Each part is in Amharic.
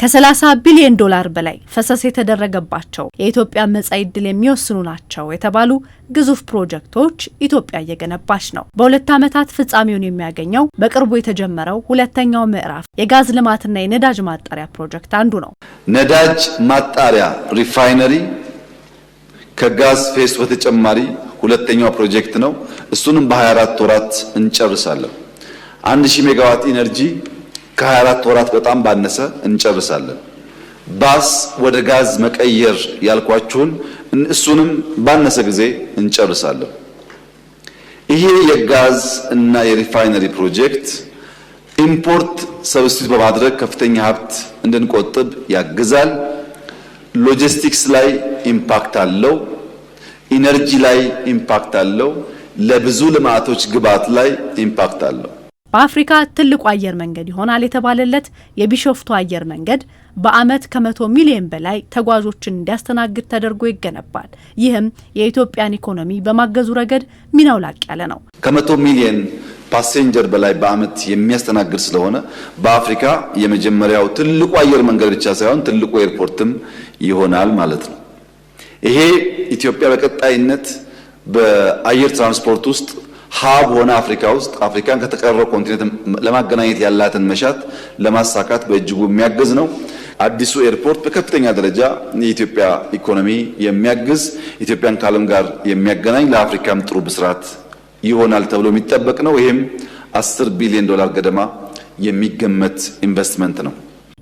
ከ30 ቢሊዮን ዶላር በላይ ፈሰስ የተደረገባቸው የኢትዮጵያ መጻኢ ዕድል የሚወስኑ ናቸው የተባሉ ግዙፍ ፕሮጀክቶች ኢትዮጵያ እየገነባች ነው። በሁለት ዓመታት ፍጻሜውን የሚያገኘው በቅርቡ የተጀመረው ሁለተኛው ምዕራፍ የጋዝ ልማትና የነዳጅ ማጣሪያ ፕሮጀክት አንዱ ነው። ነዳጅ ማጣሪያ ሪፋይነሪ ከጋዝ ፌስ በተጨማሪ ሁለተኛው ፕሮጀክት ነው። እሱንም በ24 ወራት እንጨርሳለን። 1000 ሜጋዋት ኢነርጂ ከ24 ወራት በጣም ባነሰ እንጨርሳለን። ባስ ወደ ጋዝ መቀየር ያልኳችሁን እሱንም ባነሰ ጊዜ እንጨርሳለን። ይሄ የጋዝ እና የሪፋይነሪ ፕሮጀክት ኢምፖርት ሰብስቲት በማድረግ ከፍተኛ ሀብት እንድንቆጥብ ያግዛል። ሎጂስቲክስ ላይ ኢምፓክት አለው። ኢነርጂ ላይ ኢምፓክት አለው። ለብዙ ልማቶች ግብዓት ላይ ኢምፓክት አለው። በአፍሪካ ትልቁ አየር መንገድ ይሆናል የተባለለት የቢሾፍቱ አየር መንገድ በዓመት ከመቶ ሚሊዮን በላይ ተጓዦችን እንዲያስተናግድ ተደርጎ ይገነባል። ይህም የኢትዮጵያን ኢኮኖሚ በማገዙ ረገድ ሚናው ላቅ ያለ ነው። ከመቶ ሚሊዮን ፓሴንጀር በላይ በዓመት የሚያስተናግድ ስለሆነ በአፍሪካ የመጀመሪያው ትልቁ አየር መንገድ ብቻ ሳይሆን ትልቁ ኤርፖርትም ይሆናል ማለት ነው። ይሄ ኢትዮጵያ በቀጣይነት በአየር ትራንስፖርት ውስጥ ሀብ ሆነ አፍሪካ ውስጥ አፍሪካን ከተቀረው ኮንቲኔንት ለማገናኘት ያላትን መሻት ለማሳካት በእጅጉ የሚያግዝ ነው። አዲሱ ኤርፖርት በከፍተኛ ደረጃ የኢትዮጵያ ኢኮኖሚ የሚያግዝ ኢትዮጵያን ከዓለም ጋር የሚያገናኝ ለአፍሪካም ጥሩ ብስራት ይሆናል ተብሎ የሚጠበቅ ነው። ይህም 10 ቢሊዮን ዶላር ገደማ የሚገመት ኢንቨስትመንት ነው።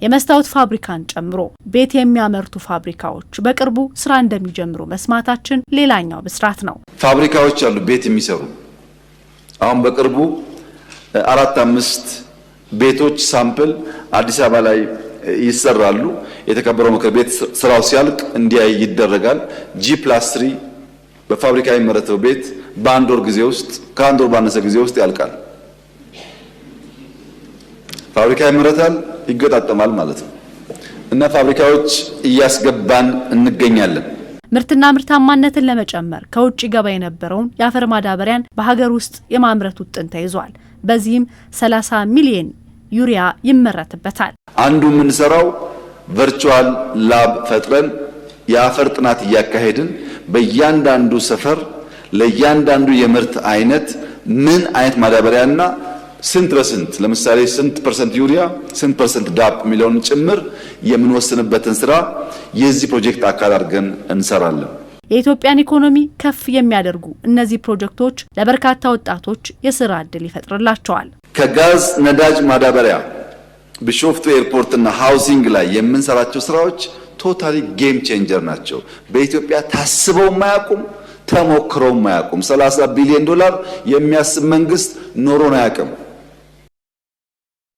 የመስታወት ፋብሪካን ጨምሮ ቤት የሚያመርቱ ፋብሪካዎች በቅርቡ ስራ እንደሚጀምሩ መስማታችን ሌላኛው ብስራት ነው። ፋብሪካዎች አሉ ቤት የሚሰሩ አሁን በቅርቡ አራት አምስት ቤቶች ሳምፕል አዲስ አበባ ላይ ይሰራሉ። የተከበረው ምክር ቤት ስራው ሲያልቅ እንዲያይ ይደረጋል። ጂ ፕላስ ትሪ በፋብሪካ የሚመረተው ቤት በአንድ ወር ጊዜ ውስጥ ከአንድ ወር ባነሰ ጊዜ ውስጥ ያልቃል። ፋብሪካ ይመረታል፣ ይገጣጠማል ማለት ነው እና ፋብሪካዎች እያስገባን እንገኛለን። ምርትና ምርታማነትን ለመጨመር ከውጭ ገባ የነበረውን የአፈር ማዳበሪያን በሀገር ውስጥ የማምረት ውጥን ተይዟል። በዚህም 30 ሚሊዮን ዩሪያ ይመረትበታል። አንዱ የምንሰራው ቨርቹዋል ላብ ፈጥረን የአፈር ጥናት እያካሄድን በእያንዳንዱ ሰፈር ለእያንዳንዱ የምርት አይነት ምን አይነት ማዳበሪያና ስንት በስንት ለምሳሌ ስንት ፐርሰንት ዩሪያ ስንት ፐርሰንት ዳፕ የሚለውን ጭምር የምንወስንበትን ስራ የዚህ ፕሮጀክት አካል አድርገን እንሰራለን። የኢትዮጵያን ኢኮኖሚ ከፍ የሚያደርጉ እነዚህ ፕሮጀክቶች ለበርካታ ወጣቶች የስራ እድል ይፈጥርላቸዋል። ከጋዝ፣ ነዳጅ፣ ማዳበሪያ ቢሾፍቱ ኤርፖርትና ሃውሲንግ ላይ የምንሰራቸው ስራዎች ቶታሊ ጌም ቼንጀር ናቸው። በኢትዮጵያ ታስበው ማያቁም ተሞክረውም ማያቁም? 30 ቢሊዮን ዶላር የሚያስብ መንግስት ኖሮን አያውቅም።